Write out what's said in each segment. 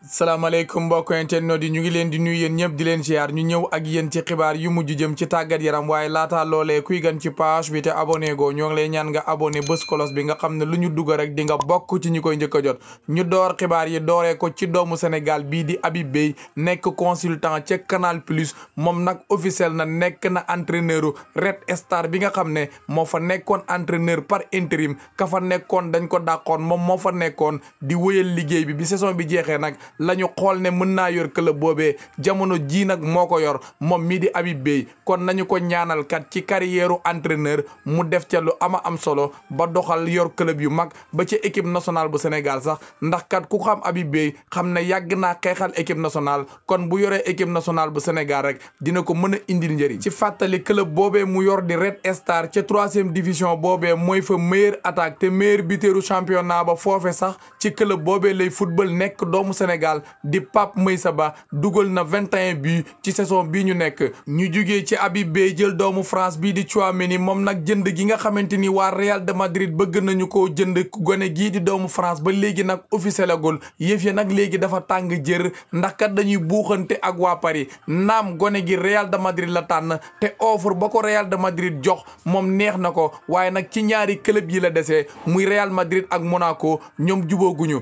salaamaaleykum mbokk internet di ñu ngi leen di nuyu yéen ñëpp di leen ziar ñu ñëw ak yéen ci xibaar yu mujj jëm ci tàggat yaram waaye laata loolee kuy gan ci pace bi te abonné go ñoo ngi lay ñaan nga abonné bés kolos bi nga xam ne lu ñu dugg rek di nga bokk ci ñi koy njëkk a jot ñu door xibaar yi dooree ko ci doomu Sénégal bii di Habib Beye nekk consultant ca Canal Plus moom nag officiel na nekk na entraîneur Red Star bi nga xam ne moo fa nekkoon entraîneur par intérim ka fa nekkoon dañ ko dàqoon moom moo fa nekkoon di wëyal liggéey bi bi saison bi jeexee nag la ñu xool ne mën naa yor club boobee jamono jii nag moo ko yor moom mii di Habib Beye kon nañu ko ñaanal kat ci carrière entraîneur mu def ca lu ama am solo ba doxal yor club yu mag ba ci équipe national bu Sénégal sax ndax kat ku xam Habib Beye xam ne yàgg naa xeexal équipe national kon bu yoree équipe national bu Sénégal rek dina ko mën a indil njëriñ ci fàttali club boobee mu yor di Red Star ca troisième division boobee mooy fa meilleur attaque te meilleur buteeru ba foofe sax ci club boobee lay football nekk doomu Sénégal Sénégal di Pape Meissa Ba dugal na 21 buts ci saison bi ñu nekk ñu jugee ci abi Beye jël doomu France bii di Tchouaméni moom nag jënd gi nga xamante ni waa Real de Madrid bëgg nañu koo jënd gone gii di doomu France ba léegi nag officiel agul yëf ya nag léegi dafa tàng jër ndax kat dañuy buuxante ak waa Paris naam gone gi Real de Madrid la tànn te offre ba ko Real de Madrid jox moom neex na ko waaye nag ci ñaari club yi la desee muy Real Madrid ak Monaco ñoom jubóoguñu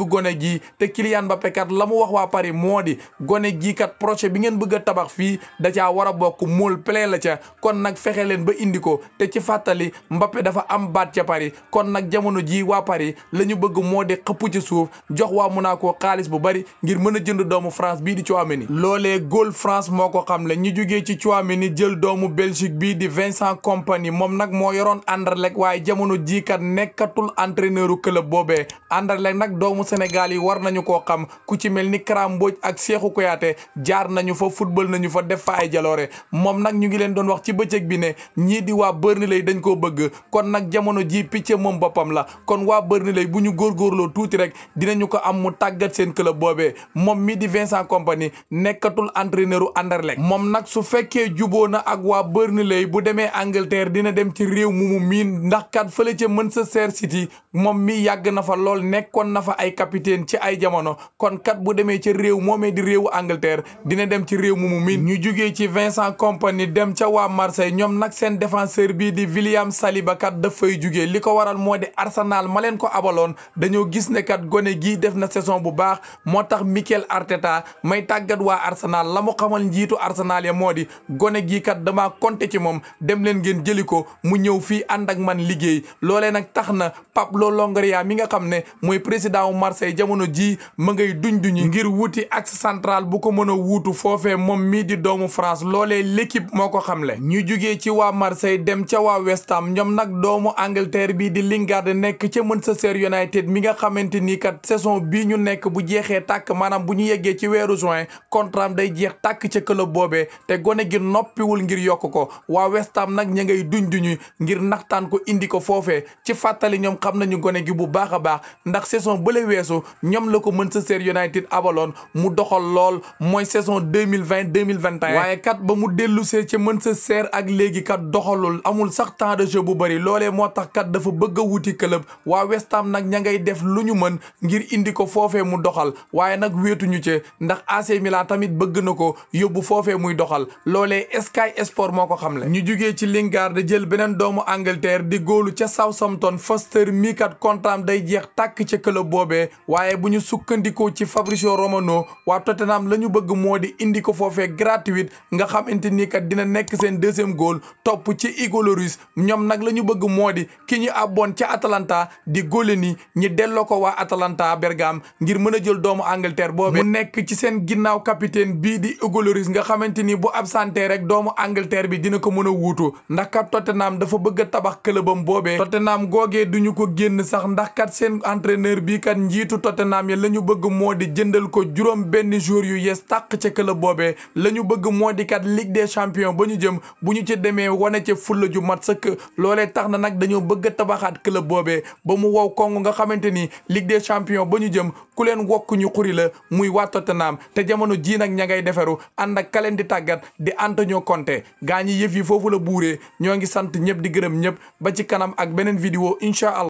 bëgg gone gi te Kylian Mbappé kat la mu wax waa Paris moo di gone gi kat projet bi ngeen bëgg a tabax fii da caa war a bokk mool plé la ca kon nag fexe leen ba indi ko te ci fàttali Mbappé dafa am baat ca Paris kon nag jamono jii waa Paris la ñu bëgg moo di xëpp ci suuf jox waa Monaco xaalis bu bari ngir mën a jënd doomu France bii di Tchouaméni loolee góol France moo ko xam le ñu jógee ci Tchouaméni jël doomu Belgique bii di Vincent Kompany moom nag moo yoroon Anderlecht waaye jamono jii kat nekkatul entraîneur u club Sénégal yi war nañu koo xam ku ci mel ni Kara Mbodj ak Cheikhou Kouyaté jaar nañu fa football nañu fa def fa ay jaloore moom nag ñu ngi leen doon wax ci bëccëg bi ne ñii di waa Burnley dañ koo bëgg kon nag jamono ji picc moom boppam la kon waa Burnley bu ñu góor góorloo tuuti rek dinañu ko am mu tàggat seen club boobee moom mii di Vincent Kompany nekkatul entraîneur u moom nag su fekkee juboo na ak waa lay bu demee Angleterre dina dem ci réew mu mu miin ndax kat mën sa Manchester City moom mi yàgg na fa lool nekkoon na fa ay capitaine ci ay jamono kon kat bu demee ci réew moomee di réewu Angleterre dina dem ci réew mu mu miin ñu jugee ci Vincent dem ca waa Marseille ñoom nag seen défenseur bii di William Saliba kat dafay jugee li ko waral moo di Arsenal ma leen ko abaloon dañoo gis ne kat gone gii def na saison bu baax moo tax Mikel Arteta may tàggat waa Arsenal la mu xamal njiitu Arsenal ya moo di gone gi kat damaa compter ci moom dem ngeen jëli ko mu ñëw fii ànd ak man liggéey loolee nag tax na Pablo Longoria Marseille jamono ji ma ngay duñ duñi ngir wuti axe central bu ko mën a wuutu foofee moom mii di doomu France loolee l'équipe moo ko xamle ñu jugee ci waa Marseille dem ca waa West nag doomu Angleterre bii di Lingard nekk ca Manchester United mi nga xamante nii kat saison bii ñu nekk bu jeexee tàkk maanaam bu ñu yeggee ci weeru juin contrat day jeex tàkk ca club boobee te gone gi noppiwul ngir yokk ko waa West nag ña ngay duñ duñu ngir naxtaan ko indi ko foofee ci fàttali ñoom xam nañu gone gi bu baax a baax ndax saison bële weesu ñoom la ko Manchester United abaloon mu doxal lool mooy saison deux mille vingt deux mille vingt et un waaye kat ba mu dellu see ca Manchester ak léegi kat doxalul amul sax temps de jeu bu bëri loolee moo tax kat dafa bëgg a wuti club waa West Ham nag ña ngay def lu ñu mën ngir indi ko foofee mu doxal waaye nag wéetuñu ci ndax AC Milan tamit bëgg na ko yóbbu foofee muy doxal loolee Sky Sport moo ko xamle ñu jugee ci Lingard jël beneen doomu Angleterre di góolu ca Southampton Foster mi kat kontaam day jeex tàkk foofee waaye bu ñu sukkandikoo ci Fabrizio Romano waa Tottenham la ñu bëgg moo di indi ko foofee gratuite nga xamante ni kat dina nekk seen deuxième gool topp ci Hugo Lloris ñoom nag la ñu bëgg moo di ki ñu abboon ca Atalanta di Golini ñi delloo ko waa Atalanta Bergame ngir mën a jël doomu Angleterre boobee mu nekk ci seen ginnaaw capitaine bii di Hugo Lloris nga xamante ni bu sante rek doomu Angleterre bi dina ko mën a wuutu ndax kat Tottenham dafa bëgg a tabax njiitu Tottenham ya la ñu bëgg moo di jëndal ko juróom benn jour yu yees tàq ca club boobee la ñu bëgg moo di kat Ligue des champions ba ñu jëm bu ñu ci demee wane ca fulla ju mat sëkk loole tax na nag dañoo bëgg tabaxaat club boobee ba mu wow kong nga xamante ni Ligue des champions ba ñu jëm ku leen wokk ñu xuri la muy waa Tottenham te jamono jii nag ña ngay defaru ànd ak kaleen di tàggat di Antonio Conte gaa ñi yëf yi foofu la buuree ñoo ngi sant ñëpp di gërëm ñëpp ba ci kanam ak beneen vidéo incha allah